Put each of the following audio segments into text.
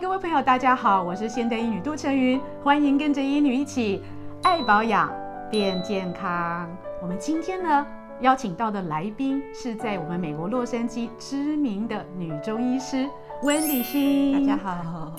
各位朋友，大家好，我是現代醫女杜丞蕓，歡迎跟着醫女一起愛保養變健康。我們今天呢，邀請到的來賓是在我們美國洛杉磯知名的女中醫師 Wendy Hsin，大家好。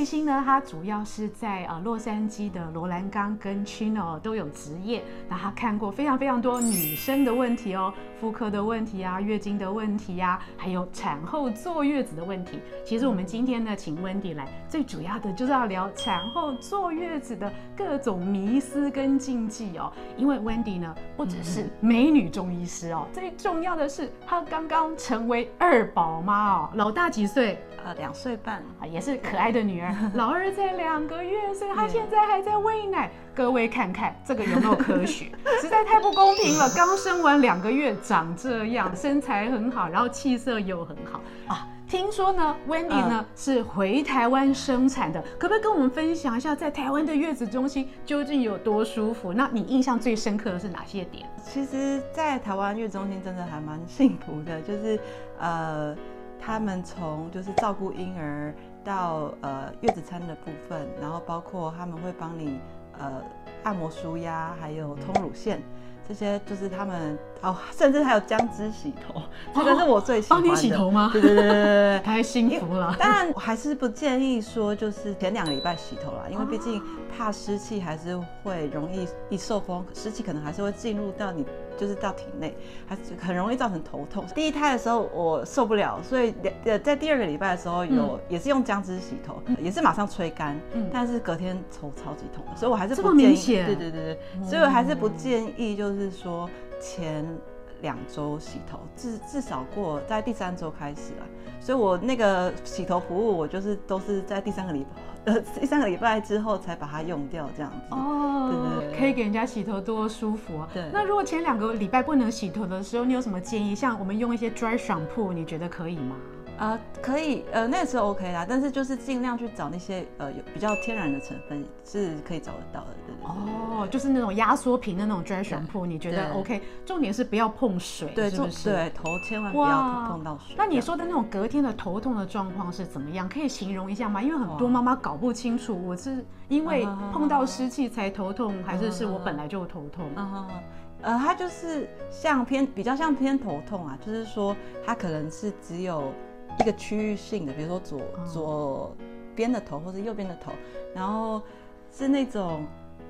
Wendy Hsin 呢，他主要是在啊、呃、洛杉磯的羅蘭崗跟 Chino 都有執業，那他看過非常非常多女生的問題哦，婦科的問題啊，月經的問題呀、啊，還有產後坐月子的問題。其實我們今天呢，請 Wendy 來，最主要的就是要聊產後坐月子的各種迷思跟禁忌哦。因為 Wendy 呢，不只是美女中醫師哦，嗯、哼最重要的是她剛剛成為二寶媽哦。老大幾歲？呃，兩歲半，也是可愛的女兒。 老二在兩個月，所以她現在還在餵奶。各位看看這個有沒有科學？ 實在太不公平了！剛生完兩個月，長這樣，身材很好，然後氣色又很好啊！聽說呢，Wendy 呢、呃、是回台灣生產的，可不可以跟我們分享一下在台灣的月子中心究竟有多舒服？那你印象最深刻的是哪些點？其實，在台灣月子中心真的還蠻幸福的，就是呃，他們從就是照顧嬰兒到呃月子餐的部分，然後包括他們會幫你。呃，按摩舒壓，還有通乳腺，這些就是他們。哦，甚至還有薑汁洗頭，哦、這個是我最喜歡的。幫你洗頭嗎？對對對對太 幸福了。當然，我還是不建議說，就是前兩個禮拜洗頭啦，因為畢竟怕濕氣還是會容易一受風，濕氣可能還是會進入到你，就是到體內，還是很容易造成頭痛。第一胎的時候我受不了，所以在第二個禮拜的時候有、嗯、也是用薑汁洗頭，嗯、也是馬上吹乾，嗯、但是隔天頭超級痛，所以我還是不建議、這麼明顯。對對對，所以我還是不建議，就是說。前兩週洗頭，至至少過在第三週開始啦，所以我那個洗頭服務，我就是都是在第三個禮拜，呃，第三個禮拜之後才把它用掉這樣子。哦，oh, 對對對，可以給人家洗頭多舒服啊。對，那如果前兩個禮拜不能洗頭的時候，你有什麼建議？像我們用一些 dry shampoo，你覺得可以嗎？呃，可以，呃，那個是 OK 啦。但是就是盡量去找那些呃有比較天然的成分是可以找得到的。哦，就是那種壓縮瓶的那種 dry shampoo，你覺得 OK？重點是不要碰水，對，對，頭千萬不要碰到水。那你說的那種隔天的頭痛的狀況是怎麼樣？可以形容一下嗎？因為很多媽媽搞不清楚我是因為碰到濕氣才頭痛，還是是我本來就頭痛？呃，它就是像偏比較像偏頭痛啊，就是說它可能是只有。一個區域性的，比如說左、哦、左邊的頭，或者右邊的頭，然後是那種。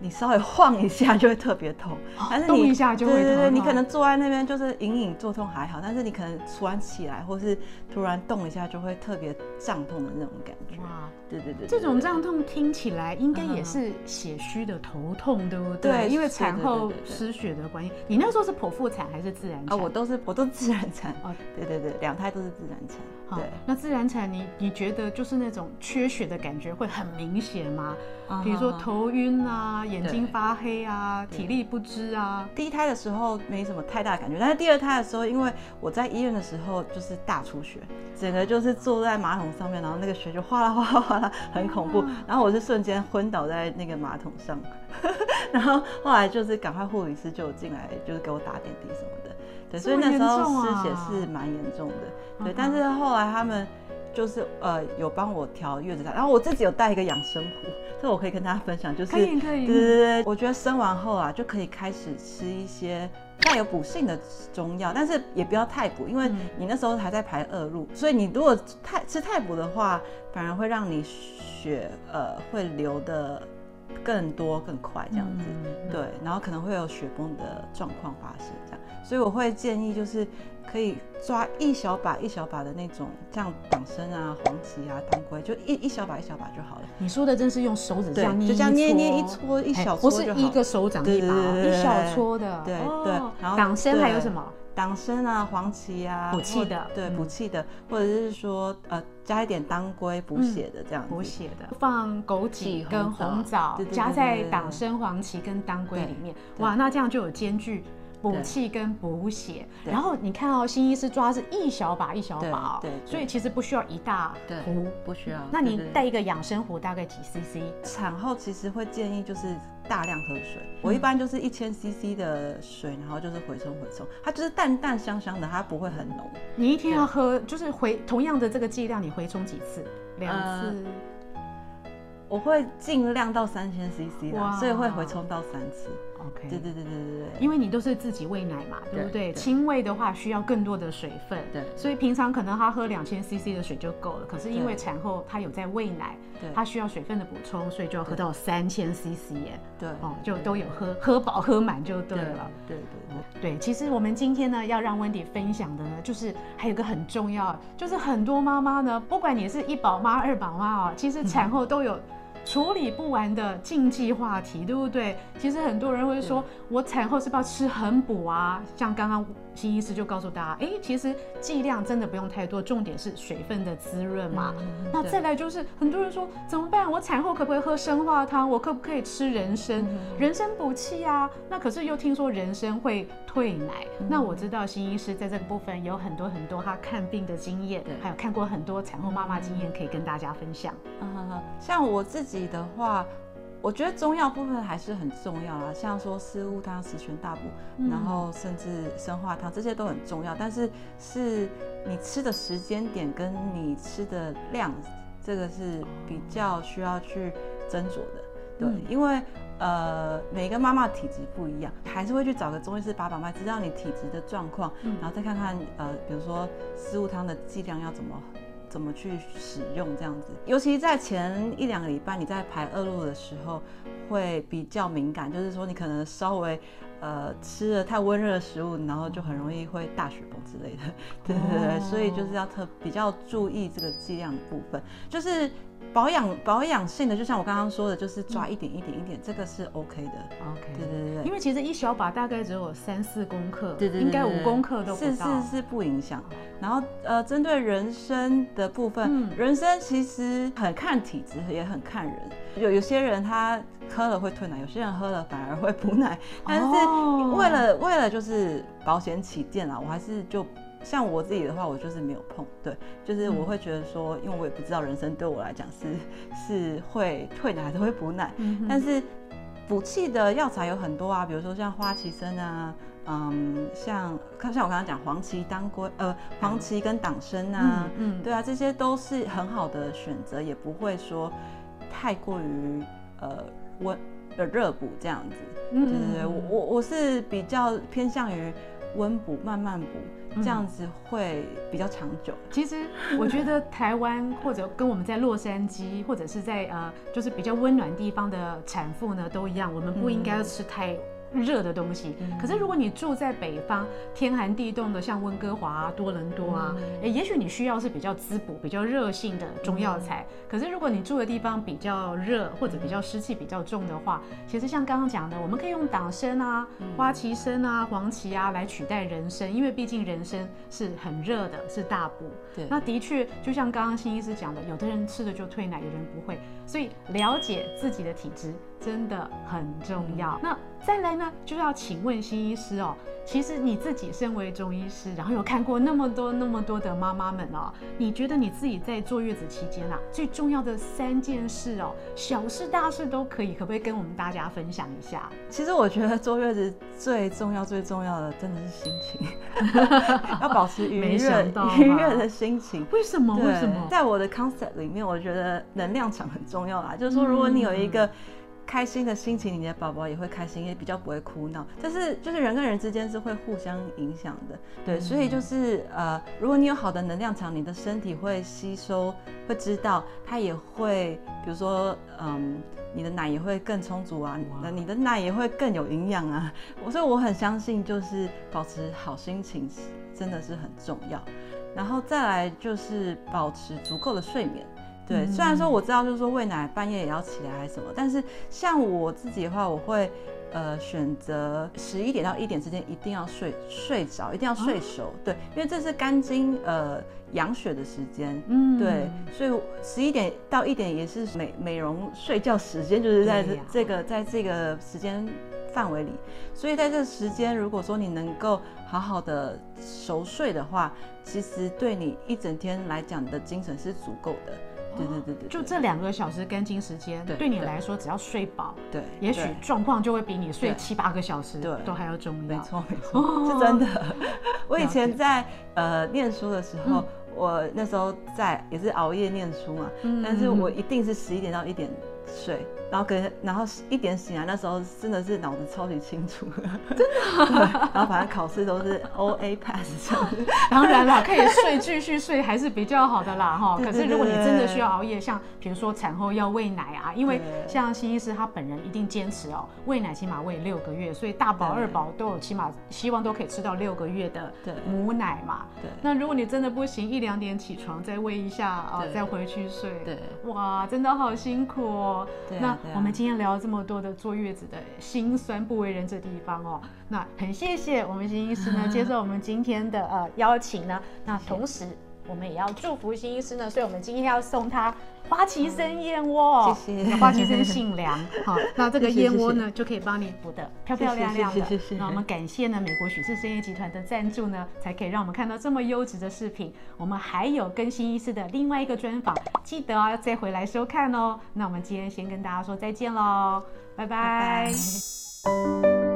你稍微晃一下就會特別痛，但是動一下就會你對對對，你可能坐在那邊就是隱隱作痛還好，但是你可能突然起來或是突然動一下就會特別脹痛的那種感覺。哇，對對對，這種脹痛聽起來應該也是血虛的頭痛對不對？對，因為產後失血的關係。你那時候是剖腹產還是自然？啊，我都是我都是自然產。對對對，兩胎都是自然產。對。那自然產你你覺得就是那種缺血的感覺會很明顯嗎？比如說頭暈啊。眼睛發黑啊，體力不支啊。第一胎的時候沒什麼太大的感覺，但是第二胎的時候，因為我在醫院的時候就是大出血，整個就是坐在馬桶上面，然後那個血就嘩啦嘩啦嘩啦，很恐怖。嗯啊、然後我是瞬間昏倒在那個馬桶上呵呵，然後後來就是趕快護理師就進來，就是給我打點滴什麼的。對，所以那時候失血是蠻嚴重的。對，但是後來他們。就是呃，有幫我調月子餐，然後我自己有帶一個養生壺，這我可以跟大家分享，就是可以可以，對、呃，我覺得生完後啊就可以開始吃一些帶有補性的中藥，但是也不要太補，因為你那時候還在排惡露，嗯、所以你如果太吃太補的話，反而會讓你血呃，會流的。更多、更快這樣子，嗯嗯嗯嗯對，然後可能會有血崩的狀況發生，這樣，所以我會建議就是可以抓一小把、一小把的那種，像黨參啊、黃芪啊、當歸，就一一小把、一小把就好了。你說的真是用手指這樣捏，就這樣捏捏一搓一,一小搓不、欸、是一個手掌一把，對一小搓的對。對，黨參、哦、後還有什麼？黨參啊，黃芪啊，補氣的，對，補氣、嗯、的，或者是說，呃，加一點當歸補血的這樣，補血的，放枸杞跟紅棗，加在黨參、黃芪跟當歸裡面，對對對對，哇，那這樣就有兼具。補氣跟補血，對然後你看哦，辛醫師抓，是一小把一小把哦，對，對對，所以其實不需要一大壺，不需要。那你帶一個養生壺，大概幾 CC？產後其實會建議，就是大量喝水，嗯、我一般就是一千 CC 的水，然後就是回沖回沖，它就是淡淡香香的，它不會很濃。你一天要喝對就是回同樣的這個劑量，你回沖幾次？兩次、呃。我會盡量到三千 CC 的。哇所以會回沖到三次。OK，對對對對對，因為你都是自己餵奶嘛，對不對？親餵的話需要更多的水分，對，所以平常可能他喝兩千 CC 的水就夠了。可是因為產後他有在餵奶，對，他需要水分的補充，所以就要喝到三千 CC 耶。對，哦，就都有喝，喝飽喝滿就對了。對對對對，其實我們今天呢要讓 Wendy 分享的呢，就是還有個很重要，就是很多媽媽呢，不管你是一寶媽、二寶媽啊，其實產後都有。處理不完的禁忌話題，對不對？其實很多人會說，對我產後是不是要吃很補啊？像剛剛辛醫師就告訴大家，誒、欸，其實劑量真的不用太多，重點是水分的滋潤嘛。嗯嗯、那再來就是對很多人說怎麼辦？我產後可不可以喝生化湯？我可不可以吃人參？嗯、人參補氣啊。那可是又聽說人參會退奶。嗯、那我知道辛醫師在這個部分有很多很多他看病的經驗，對還有看過很多產後媽媽經驗可以跟大家分享。嗯，像我自己，的話，我覺得中藥部分還是很重要啦，像說四物湯、十全大補，嗯、然後甚至生化湯這些都很重要，但是是你吃的時間點跟你吃的量，這個是比較需要去斟酌的。對，嗯、因為呃每一個媽媽體質不一樣，還是會去找個中醫師把把脈，知道你體質的狀況，嗯、然後再看看呃比如說四物湯的劑量要怎麼。怎麼去使用這樣子？尤其在前一兩個禮拜，你在排惡露的時候會比較敏感，就是說你可能稍微。呃，吃了太溫熱的食物，然後就很容易會大血崩之類的，對對對，oh. 所以就是要特比較注意這個劑量的部分，就是保養保養性的，就像我剛剛說的，就是抓一點一點一點，嗯、這個是 OK 的，OK，對,對對對，因為其實一小把大概只有三四公克。對對,對對，應該五公克都不是是是不影響。然後呃，針對人參的部分，嗯、人參其實很看體質，也很看人。有有些人他喝了會退奶，有些人喝了反而會補奶。但是為了、oh. 為了就是保險起見啊，我還是就像我自己的話，我就是沒有碰。對，就是我會覺得說，嗯、因為我也不知道人參對我來講是是會退奶還是會補奶。嗯、哼但是補氣的藥材有很多啊，比如說像花旗參啊，嗯，像像我剛才講黃芪當歸，呃，黃芪跟黨參啊嗯，嗯，嗯對啊，這些都是很好的選擇，也不會說。太過於呃溫呃熱補這樣子，嗯，對對對，我我我是比較偏向於溫補慢慢補這樣子會比較長久。嗯、其實我覺得台灣或者跟我們在洛杉磯 或者是在呃就是比較溫暖地方的產婦呢都一樣，我們不應該要吃太。嗯熱的東西，可是如果你住在北方，天寒地凍的，像溫哥華、啊、多倫多啊，嗯欸、也許你需要是比較滋補、比較熱性的中藥材。嗯、可是如果你住的地方比較熱，或者比較濕氣比較重的話，其實像剛剛講的，我們可以用黨參啊、花旗參啊、黃芪啊來取代人參，因為畢竟人參是很熱的，是大補。對那的確，就像剛剛辛醫師講的，有的人吃了就退奶，有的人不會，所以了解自己的體質真的很重要。那、嗯。再來呢，就要請問辛醫師哦。其實你自己身為中醫師，然後有看過那麼多那麼多的媽媽們哦，你覺得你自己在坐月子期間啊，最重要的三件事哦，小事大事都可以，可不可以跟我們大家分享一下？其實我覺得坐月子最重要最重要的真的是心情， 要保持愉悅愉悅的心情。為什麼？對為什麼？在我的 concept 裡面，我覺得能量場很重要啊。嗯、就是說，如果你，你有一個開心的心情，你的寶寶也會開心，也比較不會哭鬧。但是，就是人跟人之間是會互相影響的，對。嗯、所以就是呃，如果你有好的能量場，你的身體會吸收，會知道，它也會，比如說，嗯、呃，你的奶也會更充足啊，哇你的奶也會更有營養啊。我所以我很相信，就是保持好心情真的是很重要。然後再來就是保持足夠的睡眠。對，雖然說我知道，就是說喂奶半夜也要起來還是什麼，但是像我自己的話，我會呃選擇十一點到一點之間一定要睡睡着，一定要睡熟。啊、對，因為這是肝經呃養血的時間，嗯，對，所以十一點到一點也是美美容睡覺時間，就是在這個、啊、在這個時間範圍裡。所以在這個時間，如果說你能夠好好的熟睡的話，其實對你一整天來講的精神是足夠的。對、哦、對對對，就這兩個小時乾淨時間，對你來說只要睡飽，對，對，對，也許狀況就會比你睡七八個小時都還要重要。沒錯，沒錯，沒哦、是真的。我以前在解呃念書的時候，嗯、我那時候在也是熬夜念書嘛，嗯、但是我一定是十一點到一點。睡，然後跟然後一點醒來那時候真的是腦子超級清楚，真的。 然後反正考試都是 O A pass，這樣，當然了， 可以睡繼續睡還是比較好的啦，哈、哦。對對對可是如果你真的需要熬夜，像比如說產後要餵奶啊，因為像辛醫師他本人一定堅持哦，餵奶起碼餵六個月，所以大寶二寶都有起碼希望都可以吃到六個月的母奶嘛。對,對。那如果你真的不行，一兩點起床再餵一下、呃、對對對再回去睡。對,對。哇，真的好辛苦哦。對啊，對啊，那我們今天聊這麼多的坐月子的心酸、不為人知的地方哦，那很謝謝我們辛醫師呢，接受我們今天的呃邀請呢、啊， 那同時。我們也要祝福新醫師呢，所以我們今天要送他花旗參燕窩，哦嗯。謝謝。花旗參性涼， 好，那這個燕窩呢，謝謝謝謝，就可以幫你補得漂漂亮亮的。謝謝，謝，謝那我們感謝呢美國許氏商業集團的贊助呢，才可以讓我們看到這麼優質的視頻。我們還有跟新醫師的另外一個專訪，記得啊要再回來收看哦。那我們今天先跟大家說再見嘍，拜拜。拜拜。